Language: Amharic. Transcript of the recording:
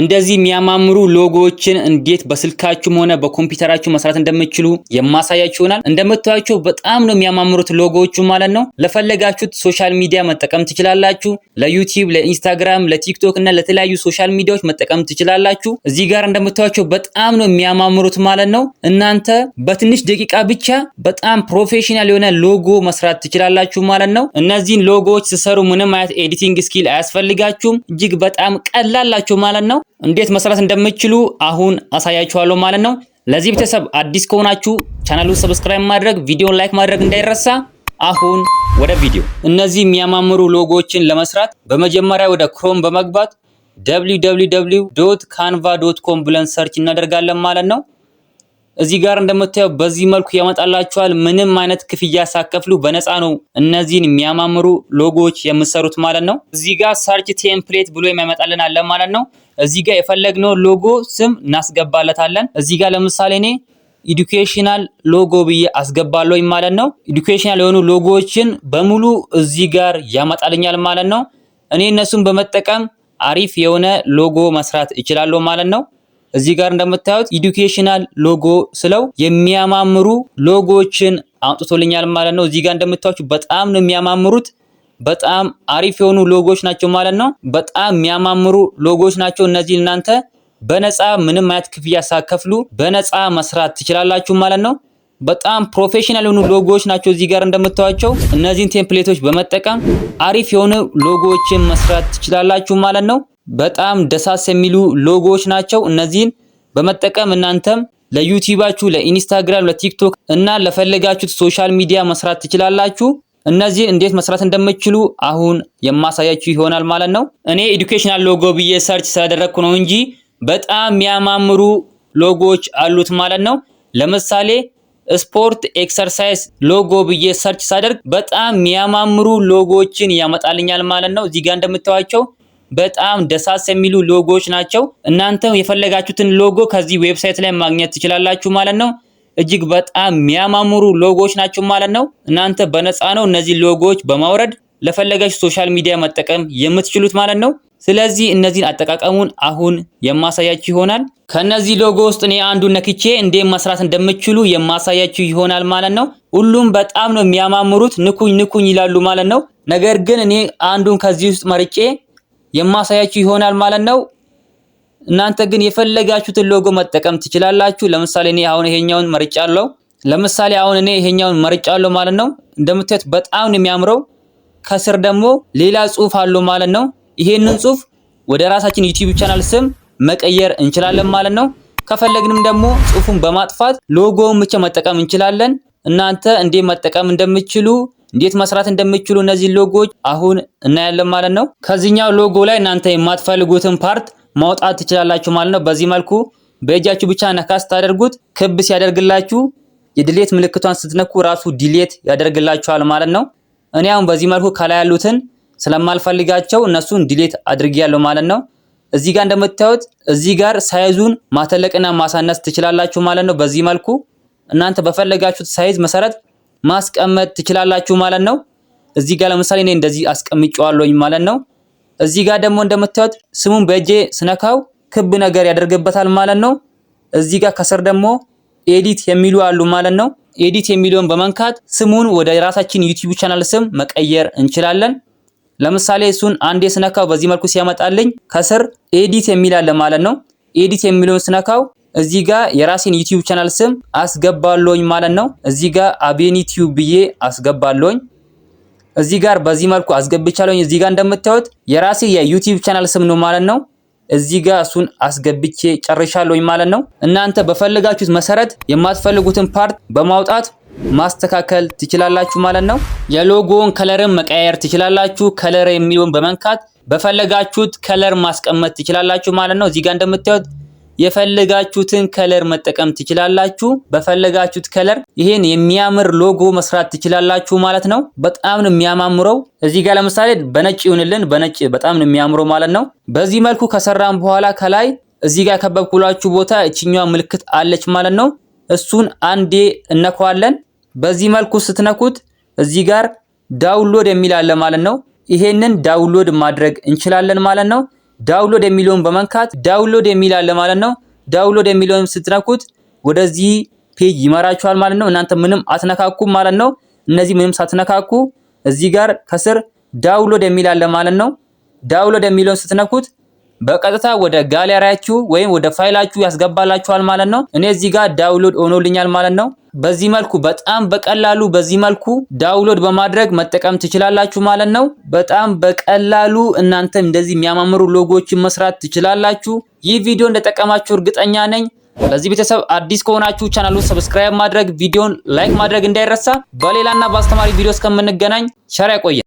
እንደዚህ የሚያማምሩ ሎጎዎችን እንዴት በስልካችሁም ሆነ በኮምፒውተራችሁ መስራት እንደምትችሉ የማሳያችሁ ይሆናል። እንደምታዩቸው በጣም ነው የሚያማምሩት ሎጎዎቹ ማለት ነው። ለፈለጋችሁት ሶሻል ሚዲያ መጠቀም ትችላላችሁ። ለዩቲዩብ፣ ለኢንስታግራም፣ ለቲክቶክ እና ለተለያዩ ሶሻል ሚዲያዎች መጠቀም ትችላላችሁ። እዚህ ጋር እንደምታዩቸው በጣም ነው የሚያማምሩት ማለት ነው። እናንተ በትንሽ ደቂቃ ብቻ በጣም ፕሮፌሽናል የሆነ ሎጎ መስራት ትችላላችሁ ማለት ነው። እነዚህን ሎጎዎች ስሰሩ ምንም አይነት ኤዲቲንግ ስኪል አያስፈልጋችሁም። እጅግ በጣም ቀላላቸው ማለት ነው። እንዴት መስራት እንደምችሉ አሁን አሳያችኋለሁ ማለት ነው። ለዚህ ቤተሰብ አዲስ ከሆናችሁ ቻናሉን ሰብስክራይብ ማድረግ፣ ቪዲዮን ላይክ ማድረግ እንዳይረሳ። አሁን ወደ ቪዲዮ። እነዚህ የሚያማምሩ ሎጎዎችን ለመስራት በመጀመሪያ ወደ ክሮም በመግባት www.canva.com ብለን ሰርች እናደርጋለን ማለት ነው። እዚህ ጋር እንደምታየው በዚህ መልኩ ያመጣላችኋል። ምንም አይነት ክፍያ ሳከፍሉ በነፃ ነው እነዚህን የሚያማምሩ ሎጎዎች የምሰሩት ማለት ነው። እዚህ ጋር ሰርች ቴምፕሌት ብሎ የሚያመጣልን አለ ማለት ነው። እዚህ ጋር የፈለግነው ሎጎ ስም እናስገባለታለን። እዚህ ጋር ለምሳሌ እኔ ኢዱኬሽናል ሎጎ ብዬ አስገባለሁ ማለት ነው። ኢዱኬሽናል የሆኑ ሎጎዎችን በሙሉ እዚህ ጋር ያመጣልኛል ማለት ነው። እኔ እነሱን በመጠቀም አሪፍ የሆነ ሎጎ መስራት እችላለሁ ማለት ነው። እዚህ ጋር እንደምታዩት ኢዱኬሽናል ሎጎ ስለው የሚያማምሩ ሎጎዎችን አምጥቶልኛል ማለት ነው። እዚህ ጋር እንደምታዩት በጣም ነው የሚያማምሩት። በጣም አሪፍ የሆኑ ሎጎዎች ናቸው ማለት ነው። በጣም የሚያማምሩ ሎጎዎች ናቸው እነዚህ። እናንተ በነፃ ምንም አይነት ክፍያ ሳከፍሉ በነፃ መስራት ትችላላችሁ ማለት ነው። በጣም ፕሮፌሽናል የሆኑ ሎጎዎች ናቸው እዚህ ጋር እንደምታዩቸው። እነዚህን ቴምፕሌቶች በመጠቀም አሪፍ የሆኑ ሎጎዎችን መስራት ትችላላችሁ ማለት ነው። በጣም ደሳስ የሚሉ ሎጎዎች ናቸው። እነዚህን በመጠቀም እናንተም ለዩቲዩባችሁ፣ ለኢንስታግራም፣ ለቲክቶክ እና ለፈለጋችሁት ሶሻል ሚዲያ መስራት ትችላላችሁ። እነዚህ እንዴት መስራት እንደምትችሉ አሁን የማሳያችሁ ይሆናል ማለት ነው። እኔ ኤዱኬሽናል ሎጎ ብዬ ሰርች ስላደረግኩ ነው እንጂ በጣም የሚያማምሩ ሎጎዎች አሉት ማለት ነው። ለምሳሌ ስፖርት፣ ኤክሰርሳይዝ ሎጎ ብዬ ሰርች ሳደርግ በጣም የሚያማምሩ ሎጎዎችን ያመጣልኛል ማለት ነው። እዚህ ጋር እንደምታዩቸው በጣም ደሳስ የሚሉ ሎጎዎች ናቸው። እናንተ የፈለጋችሁትን ሎጎ ከዚህ ዌብሳይት ላይ ማግኘት ትችላላችሁ ማለት ነው። እጅግ በጣም የሚያማምሩ ሎጎዎች ናቸው ማለት ነው። እናንተ በነፃ ነው እነዚህ ሎጎዎች በማውረድ ለፈለጋችሁ ሶሻል ሚዲያ መጠቀም የምትችሉት ማለት ነው። ስለዚህ እነዚህን አጠቃቀሙን አሁን የማሳያችሁ ይሆናል። ከነዚህ ሎጎ ውስጥ እኔ አንዱ ነክቼ እንዴ መስራት እንደምችሉ የማሳያችሁ ይሆናል ማለት ነው። ሁሉም በጣም ነው የሚያማምሩት፣ ንኩኝ ንኩኝ ይላሉ ማለት ነው። ነገር ግን እኔ አንዱን ከዚህ ውስጥ መርጬ የማሳያችሁ ይሆናል ማለት ነው። እናንተ ግን የፈለጋችሁትን ሎጎ መጠቀም ትችላላችሁ። ለምሳሌ እኔ አሁን ይሄኛውን መርጫለሁ። ለምሳሌ አሁን እኔ ይሄኛውን መርጫለሁ ማለት ነው። እንደምታዩት በጣም ነው የሚያምረው። ከስር ደግሞ ሌላ ጽሁፍ አለው ማለት ነው። ይሄንን ጽሁፍ ወደ ራሳችን ዩቲዩብ ቻናል ስም መቀየር እንችላለን ማለት ነው። ከፈለግንም ደግሞ ጽሁፉን በማጥፋት ሎጎውን ብቻ መጠቀም እንችላለን። እናንተ እንዴት መጠቀም እንደምትችሉ እንዴት መስራት እንደምችሉ እነዚህ ሎጎዎች አሁን እናያለን ማለት ነው። ከዚህኛው ሎጎ ላይ እናንተ የማትፈልጉትን ፓርት ማውጣት ትችላላችሁ ማለት ነው። በዚህ መልኩ በእጃችሁ ብቻ ነካ ስታደርጉት ክብ ሲያደርግላችሁ የድሌት ምልክቷን ስትነኩ ራሱ ዲሌት ያደርግላችኋል ማለት ነው። እኔ አሁን በዚህ መልኩ ከላይ ያሉትን ስለማልፈልጋቸው እነሱን ዲሌት አድርጌያለሁ ማለት ነው። እዚህ ጋር እንደምታዩት እዚህ ጋር ሳይዙን ማተለቅና ማሳነስ ትችላላችሁ ማለት ነው። በዚህ መልኩ እናንተ በፈለጋችሁት ሳይዝ መሰረት ማስቀመጥ ትችላላችሁ ማለት ነው። እዚህ ጋር ለምሳሌ እኔ እንደዚህ አስቀምጨዋለሁኝ ማለት ነው። እዚህ ጋር ደግሞ እንደምታዩት ስሙን በእጄ ስነካው ክብ ነገር ያደርግበታል ማለት ነው። እዚህ ጋር ከስር ደግሞ ኤዲት የሚሉ አሉ ማለት ነው። ኤዲት የሚለውን በመንካት ስሙን ወደ ራሳችን ዩቲዩብ ቻናል ስም መቀየር እንችላለን። ለምሳሌ እሱን አንዴ ስነካው በዚህ መልኩ ሲያመጣልኝ ከስር ኤዲት የሚል አለ ማለት ነው። ኤዲት የሚለውን ስነካው እዚህ ጋር የራሴን ዩቲዩብ ቻናል ስም አስገባለኝ ማለት ነው። እዚህ ጋር አቤን ዩቲዩብ ብዬ አስገባለሁኝ። እዚህ ጋር በዚህ መልኩ አስገብቻለሁኝ። እዚህ ጋር እንደምታዩት የራሴ የዩቲዩብ ቻናል ስም ነው ማለት ነው። እዚህ ጋር እሱን አስገብቼ ጨርሻለሁኝ ማለት ነው። እናንተ በፈለጋችሁት መሰረት የማትፈልጉትን ፓርት በማውጣት ማስተካከል ትችላላችሁ ማለት ነው። የሎጎውን ከለርን መቀየር ትችላላችሁ። ከለር የሚለውን በመንካት በፈለጋችሁት ከለር ማስቀመጥ ትችላላችሁ ማለት ነው። እዚህ ጋር እንደምታዩት የፈለጋችሁትን ከለር መጠቀም ትችላላችሁ። በፈለጋችሁት ከለር ይሄን የሚያምር ሎጎ መስራት ትችላላችሁ ማለት ነው። በጣም ነው የሚያማምረው። እዚህ ጋር ለምሳሌ በነጭ ይሁንልን፣ በነጭ በጣም ነው የሚያምረው ማለት ነው። በዚህ መልኩ ከሰራን በኋላ ከላይ እዚህ ጋር ከበብኩላችሁ ቦታ እችኛዋ ምልክት አለች ማለት ነው። እሱን አንዴ እነኳለን። በዚህ መልኩ ስትነኩት እዚህ ጋር ዳውንሎድ የሚል አለ ማለት ነው። ይሄንን ዳውንሎድ ማድረግ እንችላለን ማለት ነው። ዳውንሎድ የሚለውን በመንካት ዳውንሎድ የሚል አለ ማለት ነው። ዳውንሎድ የሚለውን ስትነኩት ወደዚህ ፔጅ ይመራችኋል ማለት ነው። እናንተ ምንም አትነካኩም ማለት ነው። እነዚህ ምንም ሳትነካኩ እዚህ ጋር ከስር ዳውንሎድ የሚል አለ ማለት ነው። ዳውንሎድ የሚለውን ስትነኩት በቀጥታ ወደ ጋለሪያችሁ ወይም ወደ ፋይላችሁ ያስገባላችኋል ማለት ነው። እኔ እዚህ ጋር ዳውንሎድ ሆኖልኛል ማለት ነው። በዚህ መልኩ በጣም በቀላሉ በዚህ መልኩ ዳውንሎድ በማድረግ መጠቀም ትችላላችሁ ማለት ነው። በጣም በቀላሉ እናንተም እንደዚህ የሚያማምሩ ሎጎዎችን መስራት ትችላላችሁ። ይህ ቪዲዮ እንደጠቀማችሁ እርግጠኛ ነኝ። ለዚህ ቤተሰብ አዲስ ከሆናችሁ ቻናሉን ሰብስክራይብ ማድረግ፣ ቪዲዮን ላይክ ማድረግ እንዳይረሳ። በሌላና በአስተማሪ ቪዲዮ እስከምንገናኝ ቸር ያቆየ